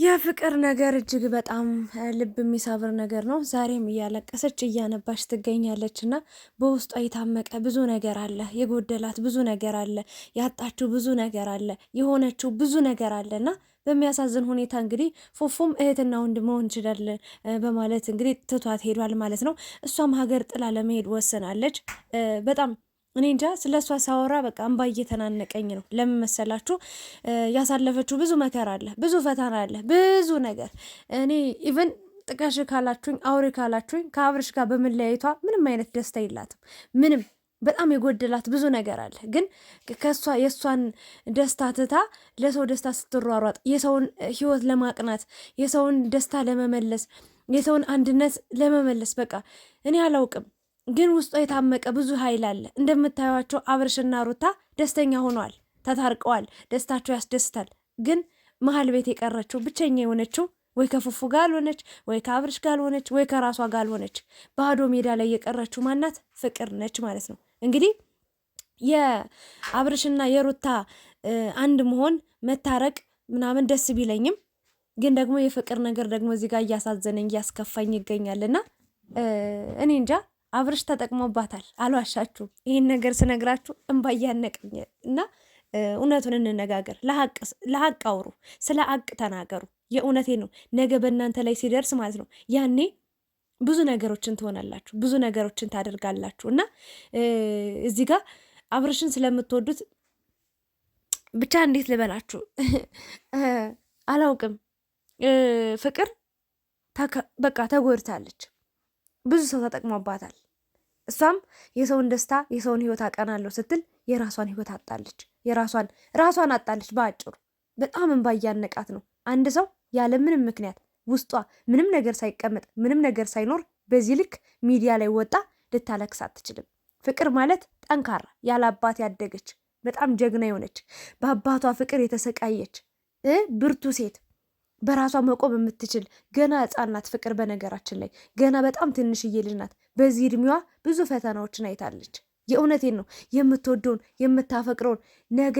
የፍቅር ነገር እጅግ በጣም ልብ የሚሰብር ነገር ነው። ዛሬም እያለቀሰች እያነባች ትገኛለች እና በውስጧ የታመቀ ብዙ ነገር አለ። የጎደላት ብዙ ነገር አለ። ያጣችው ብዙ ነገር አለ። የሆነችው ብዙ ነገር አለ እና በሚያሳዝን ሁኔታ እንግዲህ ፉፉም እህትና ወንድ መሆን እንችላለን በማለት እንግዲህ ትቷት ሄዷል ማለት ነው። እሷም ሀገር ጥላ ለመሄድ ወስናለች በጣም እኔ እንጃ ስለ እሷ ሳወራ በቃ እምባ እየተናነቀኝ ነው። ለምን መሰላችሁ? ያሳለፈችው ብዙ መከራ አለ፣ ብዙ ፈተና አለ፣ ብዙ ነገር እኔ ኢቨን ጥቀሽ ካላችሁኝ አውሪ ካላችሁኝ ከአብርሽ ጋር በመለያየቷ ምንም አይነት ደስታ የላትም። ምንም በጣም የጎደላት ብዙ ነገር አለ። ግን ከእሷ የእሷን ደስታ ትታ ለሰው ደስታ ስትሯሯጥ የሰውን ህይወት ለማቅናት የሰውን ደስታ ለመመለስ የሰውን አንድነት ለመመለስ በቃ እኔ አላውቅም ግን ውስጧ የታመቀ ብዙ ኃይል አለ። እንደምታዩቸው አብርሽና ሩታ ደስተኛ ሆነዋል፣ ተታርቀዋል። ደስታቸው ያስደስታል። ግን መሀል ቤት የቀረችው ብቸኛ የሆነችው ወይ ከፉፉ ጋር አልሆነች፣ ወይ ከአብርሽ ጋር አልሆነች፣ ወይ ከራሷ ጋር አልሆነች። ባዶ ሜዳ ላይ የቀረችው ማናት? ፍቅር ነች ማለት ነው። እንግዲህ የአብርሽና የሩታ አንድ መሆን መታረቅ ምናምን ደስ ቢለኝም ግን ደግሞ የፍቅር ነገር ደግሞ እዚህ ጋር እያሳዘነኝ እያስከፋኝ ይገኛልና እኔ እንጃ አብርሽ ተጠቅሞባታል። አልዋሻችሁም። ይህን ነገር ስነግራችሁ እንባ እያነቀኝ እና እውነቱን እንነጋገር፣ ለሀቅ አውሩ፣ ስለ ሀቅ ተናገሩ። የእውነቴ ነው። ነገ በእናንተ ላይ ሲደርስ ማለት ነው ያኔ ብዙ ነገሮችን ትሆናላችሁ፣ ብዙ ነገሮችን ታደርጋላችሁ። እና እዚህ ጋር አብርሽን ስለምትወዱት ብቻ እንዴት ልበላችሁ አላውቅም። ፍቅር በቃ ተጎድታለች። ብዙ ሰው ተጠቅሞባታል። እሷም የሰውን ደስታ የሰውን ህይወት አቀናለሁ ስትል የራሷን ህይወት አጣለች። የራሷን ራሷን አጣለች። በአጭሩ በጣም እንባ እያነቃት ነው። አንድ ሰው ያለምንም ምክንያት ውስጧ ምንም ነገር ሳይቀመጥ ምንም ነገር ሳይኖር በዚህ ልክ ሚዲያ ላይ ወጣ ልታለክስ አትችልም። ፍቅር ማለት ጠንካራ ያለ አባት ያደገች በጣም ጀግና የሆነች በአባቷ ፍቅር የተሰቃየች ብርቱ ሴት በራሷ መቆም የምትችል ገና ህፃናት ፍቅር በነገራችን ላይ ገና በጣም ትንሽዬ ልጅ ናት። በዚህ እድሜዋ ብዙ ፈተናዎችን አይታለች። የእውነቴን ነው። የምትወደውን የምታፈቅረውን ነገ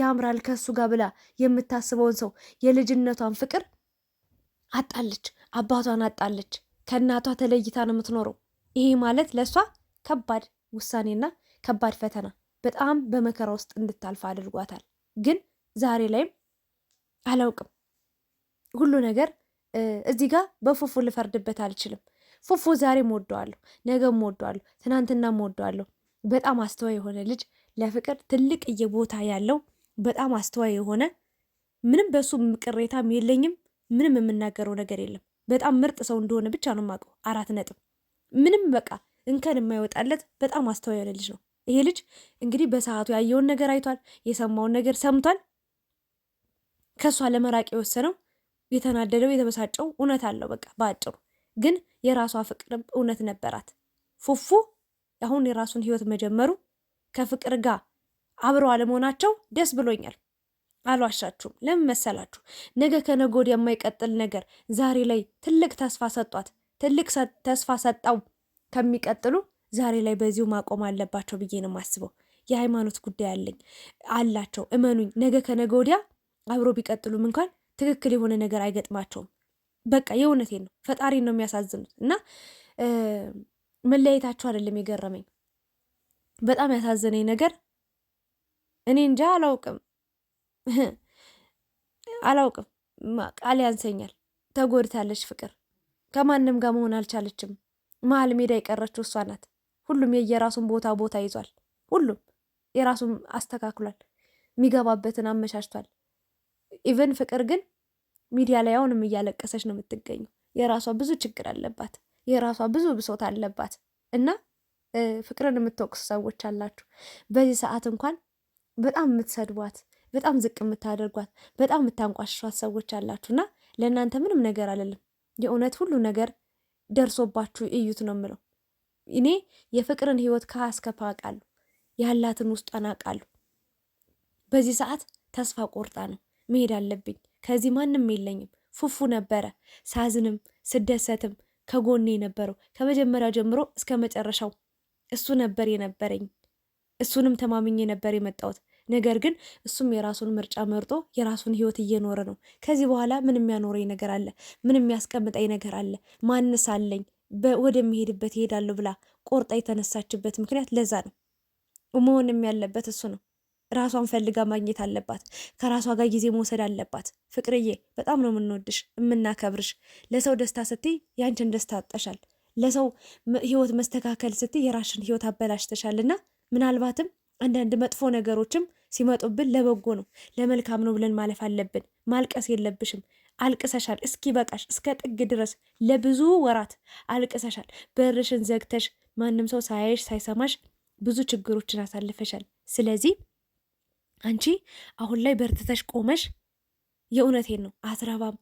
ያምራል ከሱ ጋር ብላ የምታስበውን ሰው የልጅነቷን ፍቅር አጣለች። አባቷን አጣለች። ከእናቷ ተለይታ ነው የምትኖረው። ይሄ ማለት ለእሷ ከባድ ውሳኔና ከባድ ፈተና በጣም በመከራ ውስጥ እንድታልፍ አድርጓታል። ግን ዛሬ ላይም አላውቅም ሁሉ ነገር እዚህ ጋር በፉፉ ልፈርድበት አልችልም። ፉፉ ዛሬም ወደዋለሁ፣ ነገም ወደዋለሁ፣ ትናንትናም ወደዋለሁ። በጣም አስተዋይ የሆነ ልጅ ለፍቅር ትልቅ እየቦታ ያለው በጣም አስተዋይ የሆነ ምንም በእሱ ቅሬታም የለኝም። ምንም የምናገረው ነገር የለም። በጣም ምርጥ ሰው እንደሆነ ብቻ ነው የማውቀው። አራት ነጥብ። ምንም በቃ እንከን የማይወጣለት በጣም አስተዋይ የሆነ ልጅ ነው። ይሄ ልጅ እንግዲህ በሰዓቱ ያየውን ነገር አይቷል፣ የሰማውን ነገር ሰምቷል። ከእሷ ለመራቅ የወሰነው የተናደደው የተበሳጨው እውነት አለው። በቃ በአጭሩ ግን የራሷ ፍቅር እውነት ነበራት። ፉፉ አሁን የራሱን ህይወት መጀመሩ ከፍቅር ጋር አብሮ አለመሆናቸው ደስ ብሎኛል። አልዋሻችሁም። ለምን መሰላችሁ? ነገ ከነገ ወዲያ የማይቀጥል ነገር ዛሬ ላይ ትልቅ ተስፋ ሰጧት። ትልቅ ተስፋ ሰጠው ከሚቀጥሉ ዛሬ ላይ በዚሁ ማቆም አለባቸው ብዬ ነው የማስበው። የሃይማኖት ጉዳይ አለኝ አላቸው። እመኑኝ፣ ነገ ከነገ ወዲያ አብሮ ቢቀጥሉም እንኳን ትክክል የሆነ ነገር አይገጥማቸውም። በቃ የእውነቴን ነው። ፈጣሪ ነው የሚያሳዝኑት እና መለያየታቸው አይደለም የገረመኝ። በጣም ያሳዘነኝ ነገር እኔ እንጃ አላውቅም አላውቅም ቃል ያንሰኛል። ተጎድታለች። ፍቅር ከማንም ጋር መሆን አልቻለችም። መሀል ሜዳ የቀረችው እሷ ናት። ሁሉም የየራሱን ቦታ ቦታ ይዟል። ሁሉም የራሱን አስተካክሏል። የሚገባበትን አመቻችቷል። ኢቨን ፍቅር ግን ሚዲያ ላይ አሁንም እያለቀሰች ነው የምትገኘው። የራሷ ብዙ ችግር አለባት፣ የራሷ ብዙ ብሶት አለባት እና ፍቅርን የምትወቅሱ ሰዎች አላችሁ። በዚህ ሰዓት እንኳን በጣም የምትሰድቧት፣ በጣም ዝቅ የምታደርጓት፣ በጣም የምታንቋሽሿት ሰዎች እና ለእናንተ ምንም ነገር አለልም። የእውነት ሁሉ ነገር ደርሶባችሁ እዩት ነው የምለው። እኔ የፍቅርን ህይወት ከአስከፋ አውቃለሁ፣ ያላትን ውስጧን አውቃለሁ። በዚህ ሰዓት ተስፋ ቆርጣ ነው መሄድ አለብኝ ከዚህ ማንም የለኝም። ፉፉ ነበረ ሳዝንም ስደሰትም ከጎኔ የነበረው ከመጀመሪያው ጀምሮ እስከ መጨረሻው እሱ ነበር የነበረኝ። እሱንም ተማምኜ ነበር የመጣሁት። ነገር ግን እሱም የራሱን ምርጫ መርጦ የራሱን ህይወት እየኖረ ነው። ከዚህ በኋላ ምን የሚያኖረኝ ነገር አለ? ምን የሚያስቀምጠኝ ነገር አለ? ማንስ አለኝ? ወደሚሄድበት ይሄዳለሁ ብላ ቆርጣ የተነሳችበት ምክንያት ለዛ ነው። መሆንም ያለበት እሱ ነው። ራሷን ፈልጋ ማግኘት አለባት። ከራሷ ጋር ጊዜ መውሰድ አለባት። ፍቅርዬ በጣም ነው የምንወድሽ የምናከብርሽ። ለሰው ደስታ ስትይ ያንችን ደስታ አጠሻል። ለሰው ህይወት መስተካከል ስትይ የራሽን ህይወት አበላሽተሻል። እና ምናልባትም አንዳንድ መጥፎ ነገሮችም ሲመጡብን ለበጎ ነው ለመልካም ነው ብለን ማለፍ አለብን። ማልቀስ የለብሽም። አልቅሰሻል እስኪ በቃሽ፣ እስከ ጥግ ድረስ ለብዙ ወራት አልቅሰሻል። በርሽን ዘግተሽ ማንም ሰው ሳያይሽ ሳይሰማሽ ብዙ ችግሮችን አሳልፈሻል። ስለዚህ አንቺ አሁን ላይ በርትተሽ ቆመሽ፣ የእውነቴን ነው አትረባም፣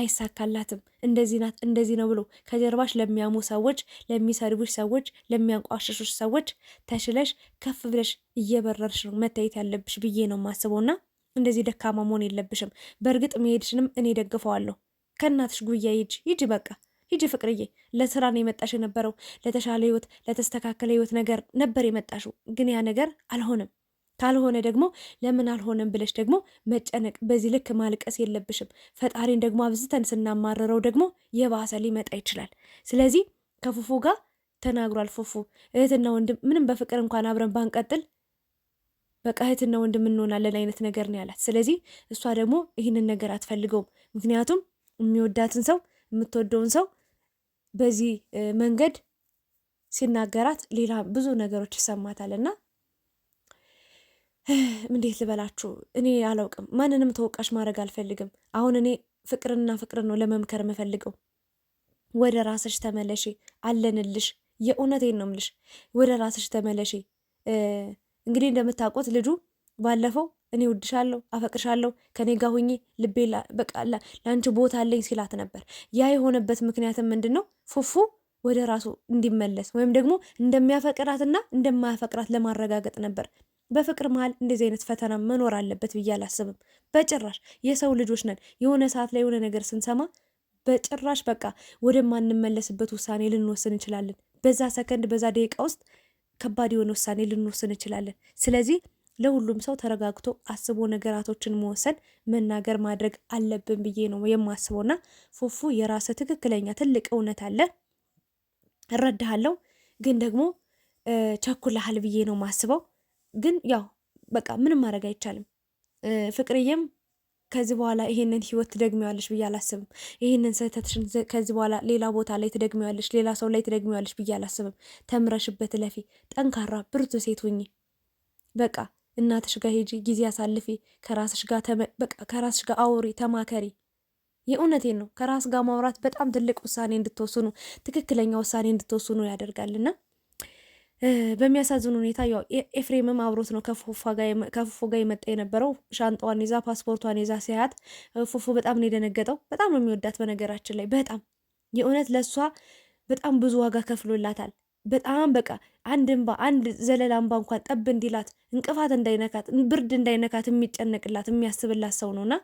አይሳካላትም፣ እንደዚህ ናት፣ እንደዚህ ነው ብሎ ከጀርባሽ ለሚያሙ ሰዎች፣ ለሚሰድቡሽ ሰዎች፣ ለሚያንቋሸሹሽ ሰዎች ተሽለሽ ከፍ ብለሽ እየበረርሽ ነው መታየት ያለብሽ ብዬ ነው የማስበውና እንደዚህ ደካማ መሆን የለብሽም። በእርግጥ መሄድሽንም እኔ ደግፈዋለሁ። ከእናትሽ ጉያ ሂጅ ሂጅ፣ በቃ ሂጅ ፍቅርዬ። ለስራ ነው የመጣሽ የነበረው፣ ለተሻለ ህይወት፣ ለተስተካከለ ህይወት ነገር ነበር የመጣሽው፣ ግን ያ ነገር አልሆንም። ካልሆነ ደግሞ ለምን አልሆነም ብለሽ ደግሞ መጨነቅ በዚህ ልክ ማልቀስ የለብሽም። ፈጣሪን ደግሞ አብዝተን ስናማረረው ደግሞ የባሰ ሊመጣ ይችላል። ስለዚህ ከፉፉ ጋር ተናግሯል። ፉፉ እህትና ወንድም ምንም በፍቅር እንኳን አብረን ባንቀጥል በቃ እህትና ወንድም እንሆናለን አይነት ነገር ነው ያላት። ስለዚህ እሷ ደግሞ ይህንን ነገር አትፈልገውም። ምክንያቱም የሚወዳትን ሰው የምትወደውን ሰው በዚህ መንገድ ሲናገራት ሌላ ብዙ ነገሮች ይሰማታል እና እንዴት ልበላችሁ፣ እኔ አላውቅም። ማንንም ተወቃሽ ማድረግ አልፈልግም። አሁን እኔ ፍቅርና ፍቅርን ነው ለመምከር የምፈልገው። ወደ ራስሽ ተመለሺ፣ አለንልሽ። የእውነቴን ነው የምልሽ፣ ወደ ራስሽ ተመለሺ። እንግዲህ እንደምታውቁት ልጁ ባለፈው እኔ ውድሻለሁ፣ አፈቅርሻለሁ፣ ከኔ ጋር ሁኚ፣ ልቤ በቃ ለአንቺ ቦታ አለኝ ሲላት ነበር። ያ የሆነበት ምክንያትም ምንድን ነው? ፉፉ ወደ ራሱ እንዲመለስ ወይም ደግሞ እንደሚያፈቅራትና እንደማያፈቅራት ለማረጋገጥ ነበር። በፍቅር መሀል እንደዚህ አይነት ፈተና መኖር አለበት ብዬ አላስብም በጭራሽ። የሰው ልጆች ነን። የሆነ ሰዓት ላይ የሆነ ነገር ስንሰማ በጭራሽ በቃ ወደማንመለስበት ውሳኔ ልንወስን እንችላለን። በዛ ሰከንድ፣ በዛ ደቂቃ ውስጥ ከባድ የሆነ ውሳኔ ልንወስን እንችላለን። ስለዚህ ለሁሉም ሰው ተረጋግቶ አስቦ ነገራቶችን መወሰን መናገር ማድረግ አለብን ብዬ ነው የማስበውና ፉፉ የራስ ትክክለኛ ትልቅ እውነት አለ እረዳሃለሁ፣ ግን ደግሞ ቸኩለሃል ብዬ ነው ማስበው። ግን ያው በቃ ምንም ማድረግ አይቻልም። ፍቅርዬም ከዚህ በኋላ ይሄንን ህይወት ትደግሚዋለሽ ብዬ አላስብም። ይሄንን ስህተትሽን ከዚህ በኋላ ሌላ ቦታ ላይ ትደግሚዋለሽ፣ ሌላ ሰው ላይ ትደግሚዋለሽ ብዬ አላስብም። ተምረሽበት ለፊ ጠንካራ ብርቱ ሴት ሁኚ። በቃ እናትሽ ጋር ሂጂ፣ ጊዜ አሳልፊ፣ ከራስሽ ጋር በቃ ከራስሽ ጋር አውሪ፣ ተማከሪ። የእውነቴን ነው። ከራስ ጋር ማውራት በጣም ትልቅ ውሳኔ እንድትወስኑ፣ ትክክለኛ ውሳኔ እንድትወስኑ ያደርጋልና በሚያሳዝን ሁኔታ ያው ኤፍሬምም አብሮት ነው ከፉፉ ጋር የመጣ የነበረው። ሻንጣዋን ይዛ ፓስፖርቷን ይዛ ሲያያት ፉፉ በጣም ነው የደነገጠው። በጣም ነው የሚወዳት በነገራችን ላይ በጣም የእውነት ለእሷ በጣም ብዙ ዋጋ ከፍሎላታል። በጣም በቃ አንድ እንባ አንድ ዘለላ እንባ እንኳን ጠብ እንዲላት እንቅፋት እንዳይነካት ብርድ እንዳይነካት የሚጨነቅላት የሚያስብላት ሰው ነውና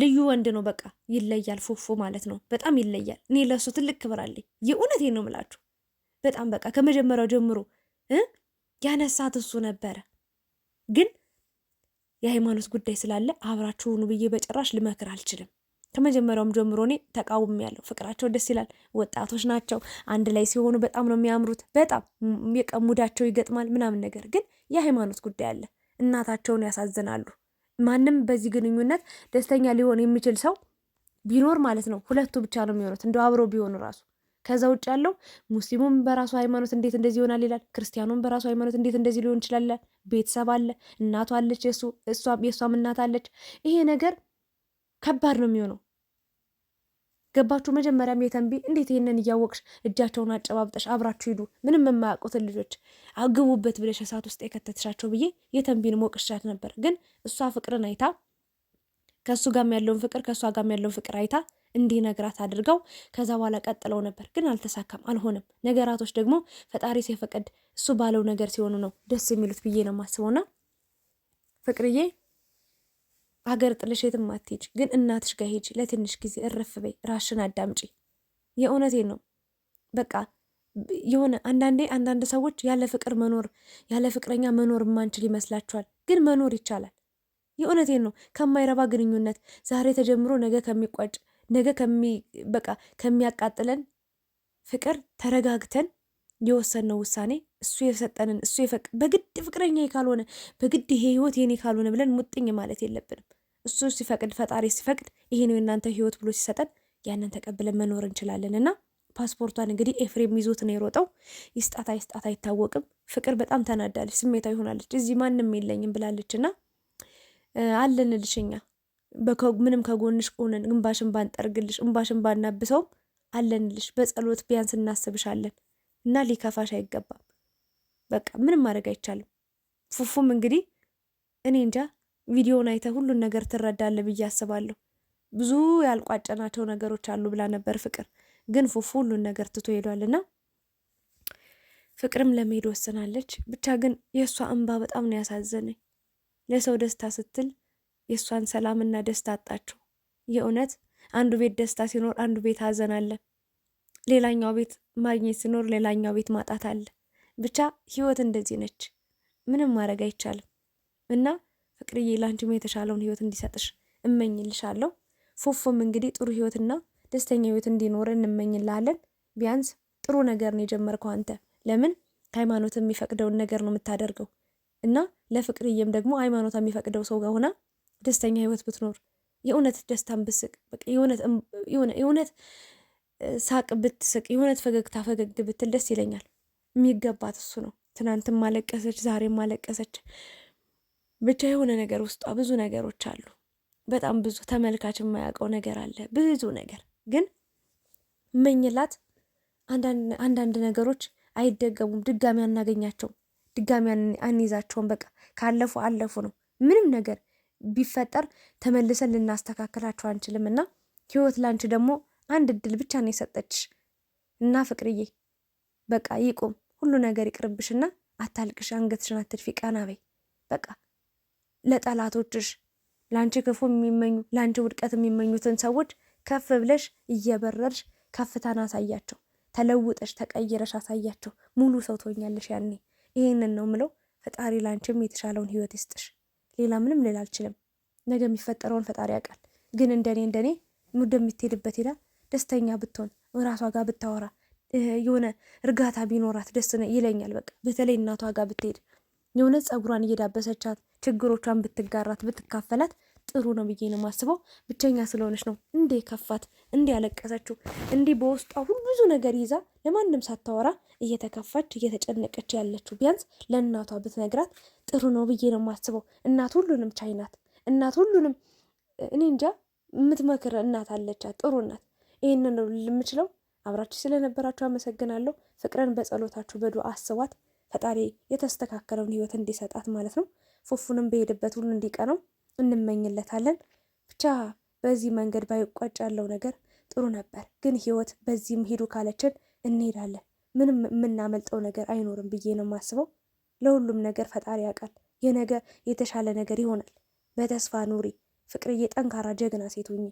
ልዩ ወንድ ነው። በቃ ይለያል ፉፉ ማለት ነው። በጣም ይለያል። እኔ ለእሱ ትልቅ ክብር አለኝ። የእውነቴን ነው የምላችሁ። በጣም በቃ ከመጀመሪያው ጀምሮ ያነሳት እሱ ነበረ። ግን የሃይማኖት ጉዳይ ስላለ አብራችሁኑ ብዬ በጭራሽ ልመክር አልችልም። ከመጀመሪያውም ጀምሮ እኔ ተቃውም ያለው ፍቅራቸው ደስ ይላል። ወጣቶች ናቸው። አንድ ላይ ሲሆኑ በጣም ነው የሚያምሩት። በጣም የቀሙዳቸው ይገጥማል ምናምን። ነገር ግን የሃይማኖት ጉዳይ አለ። እናታቸውን ያሳዝናሉ። ማንም በዚህ ግንኙነት ደስተኛ ሊሆን የሚችል ሰው ቢኖር ማለት ነው ሁለቱ ብቻ ነው የሚሆኑት። እንደው አብሮ ቢሆኑ ራሱ ከዛ ውጭ ያለው ሙስሊሙም በራሱ ሃይማኖት እንዴት እንደዚህ ይሆናል ይላል። ክርስቲያኑም በራሱ ሃይማኖት እንዴት እንደዚህ ሊሆን ይችላል። ቤተሰብ አለ፣ እናቷ አለች፣ የእሷም እናት አለች። ይሄ ነገር ከባድ ነው የሚሆነው። ገባችሁ? መጀመሪያም የተንቢ እንዴት ይህንን እያወቅሽ እጃቸውን አጨባብጠሽ አብራችሁ ሂዱ፣ ምንም የማያውቁትን ልጆች አግቡበት ብለሽ እሳት ውስጥ የከተትሻቸው ብዬ የተንቢን ሞቅሻት ነበር። ግን እሷ ፍቅርን አይታ ከእሱ ጋም ያለውን ፍቅር ከእሷ ጋም ያለውን ፍቅር አይታ እንዲነግራት አድርገው ከዛ በኋላ ቀጥለው ነበር፣ ግን አልተሳካም፣ አልሆነም። ነገራቶች ደግሞ ፈጣሪ ሲፈቅድ እሱ ባለው ነገር ሲሆኑ ነው ደስ የሚሉት ብዬ ነው የማስበውና ፍቅርዬ ሀገር ጥልሽ የትም አትሄጅ፣ ግን እናትሽ ጋር ሄጅ። ለትንሽ ጊዜ እረፍ በይ፣ ራሽን አዳምጪ። የእውነቴን ነው። በቃ የሆነ አንዳንዴ አንዳንድ ሰዎች ያለ ፍቅር መኖር ያለ ፍቅረኛ መኖር የማንችል ይመስላችኋል፣ ግን መኖር ይቻላል። የእውነቴን ነው። ከማይረባ ግንኙነት ዛሬ ተጀምሮ ነገ ከሚቋጭ ነገ በቃ ከሚያቃጥለን ፍቅር ተረጋግተን የወሰንነው ውሳኔ እሱ የሰጠንን እሱ በግድ ፍቅረኛ ካልሆነ በግድ ይሄ ህይወት የኔ ካልሆነ ብለን ሙጥኝ ማለት የለብንም። እሱ ሲፈቅድ ፈጣሪ ሲፈቅድ ይሄ ነው የእናንተ ህይወት ብሎ ሲሰጠን ያንን ተቀብለን መኖር እንችላለን። እና ፓስፖርቷን እንግዲህ ኤፍሬም ይዞት ነው የሮጠው። ይስጣት አይስጣት አይታወቅም። ፍቅር በጣም ተናዳለች፣ ስሜታዊ ሆናለች። እዚህ ማንም የለኝም ብላለች እና አለንልሽኛ ምንም ከጎንሽ ሆነን እንባሽን ባንጠርግልሽ እንባሽን ባናብሰውም አለንልሽ። በጸሎት ቢያንስ እናስብሻለን እና ሊከፋሽ አይገባም። በቃ ምንም ማድረግ አይቻልም። ፉፉም እንግዲህ እኔ እንጃ ቪዲዮውን አይተ ሁሉን ነገር ትረዳለ ብዬ አስባለሁ። ብዙ ያልቋጨናቸው ነገሮች አሉ ብላ ነበር ፍቅር። ግን ፉፉ ሁሉን ነገር ትቶ ሄዷልና ፍቅርም ለመሄድ ወስናለች። ብቻ ግን የእሷ እንባ በጣም ነው ያሳዘነኝ። ለሰው ደስታ ስትል የእሷን ሰላምና ደስታ አጣችው። የእውነት አንዱ ቤት ደስታ ሲኖር አንዱ ቤት ሀዘን አለ። ሌላኛው ቤት ማግኘት ሲኖር ሌላኛው ቤት ማጣት አለ። ብቻ ህይወት እንደዚህ ነች። ምንም ማድረግ አይቻልም። እና ፍቅርዬ ላንቺም የተሻለውን ህይወት እንዲሰጥሽ እመኝልሻለሁ። ፉፉም እንግዲህ ጥሩ ህይወትና ደስተኛ ህይወት እንዲኖር እንመኝልሃለን። ቢያንስ ጥሩ ነገር ነው የጀመርከው አንተ። ለምን ሃይማኖት የሚፈቅደውን ነገር ነው የምታደርገው እና ለፍቅርዬም ደግሞ ሃይማኖት የሚፈቅደው ሰው ጋር ሆና ደስተኛ ህይወት ብትኖር የእውነት ደስታን ብስቅ የእውነት ሳቅ ብትስቅ የእውነት ፈገግታ ፈገግ ብትል ደስ ይለኛል። የሚገባት እሱ ነው። ትናንትም ማለቀሰች፣ ዛሬም ማለቀሰች። ብቻ የሆነ ነገር ውስጧ ብዙ ነገሮች አሉ። በጣም ብዙ ተመልካች የማያውቀው ነገር አለ። ብዙ ነገር ግን መኝላት አንዳንድ ነገሮች አይደገሙም። ድጋሚ አናገኛቸውም። ድጋሚ አንይዛቸውም። በቃ ካለፉ አለፉ ነው ምንም ነገር ቢፈጠር ተመልሰን ልናስተካከላቸው አንችልም እና ህይወት ላንቺ ደግሞ አንድ እድል ብቻ ነው የሰጠችሽ እና ፍቅርዬ በቃ ይቁም ሁሉ ነገር ይቅርብሽና አታልቅሽ፣ አንገትሽን አትድፊ፣ ቀና በይ በቃ ለጠላቶችሽ ለአንቺ ክፉ የሚመኙ ለአንቺ ውድቀት የሚመኙትን ሰዎች ከፍ ብለሽ እየበረርሽ ከፍታን አሳያቸው። ተለውጠሽ ተቀይረሽ አሳያቸው። ሙሉ ሰው ትሆኛለሽ ያኔ። ይህንን ነው ምለው። ፈጣሪ ላንቺም የተሻለውን ህይወት ይስጥሽ። ሌላ ምንም ልል አልችልም። ነገ የሚፈጠረውን ፈጣሪ ያውቃል። ግን እንደኔ እንደኔ የምትሄድበት ሄዳ ደስተኛ ብትሆን ራሷ ጋር ብታወራ የሆነ እርጋታ ቢኖራት ደስ ይለኛል። በቃ በተለይ እናቷ ጋር ብትሄድ የሆነ ፀጉሯን እየዳበሰቻት ችግሮቿን ብትጋራት ብትካፈላት ጥሩ ነው ብዬ ነው የማስበው። ብቸኛ ስለሆነች ነው እንዴ ከፋት፣ እንዴ ያለቀሰችው፣ እንዴ በውስጧ ሁሉ ብዙ ነገር ይዛ ለማንም ሳታወራ እየተከፋች እየተጨነቀች ያለችው። ቢያንስ ለእናቷ ብትነግራት ጥሩ ነው ብዬ ነው የማስበው። እናት ሁሉንም ቻይ ናት። እናት ሁሉንም እኔ እንጃ የምትመክር እናት አለቻት፣ ጥሩ እናት። ይህን ነው የምችለው። አብራችሁ ስለነበራችሁ አመሰግናለሁ። ፍቅርን በጸሎታችሁ በዱ አስቧት። ፈጣሪ የተስተካከለውን ህይወት እንዲሰጣት ማለት ነው። ፉፉንም በሄደበት ሁሉ እንዲቀነው እንመኝለታለን። ብቻ በዚህ መንገድ ባይቋጭ ያለው ነገር ጥሩ ነበር፣ ግን ህይወት በዚህም ሂዱ ካለችን እንሄዳለን። ምንም የምናመልጠው ነገር አይኖርም ብዬ ነው የማስበው። ለሁሉም ነገር ፈጣሪ ያውቃል። የነገ የተሻለ ነገር ይሆናል። በተስፋ ኑሪ ፍቅርዬ፣ ጠንካራ ጀግና ሴት ሁኚ።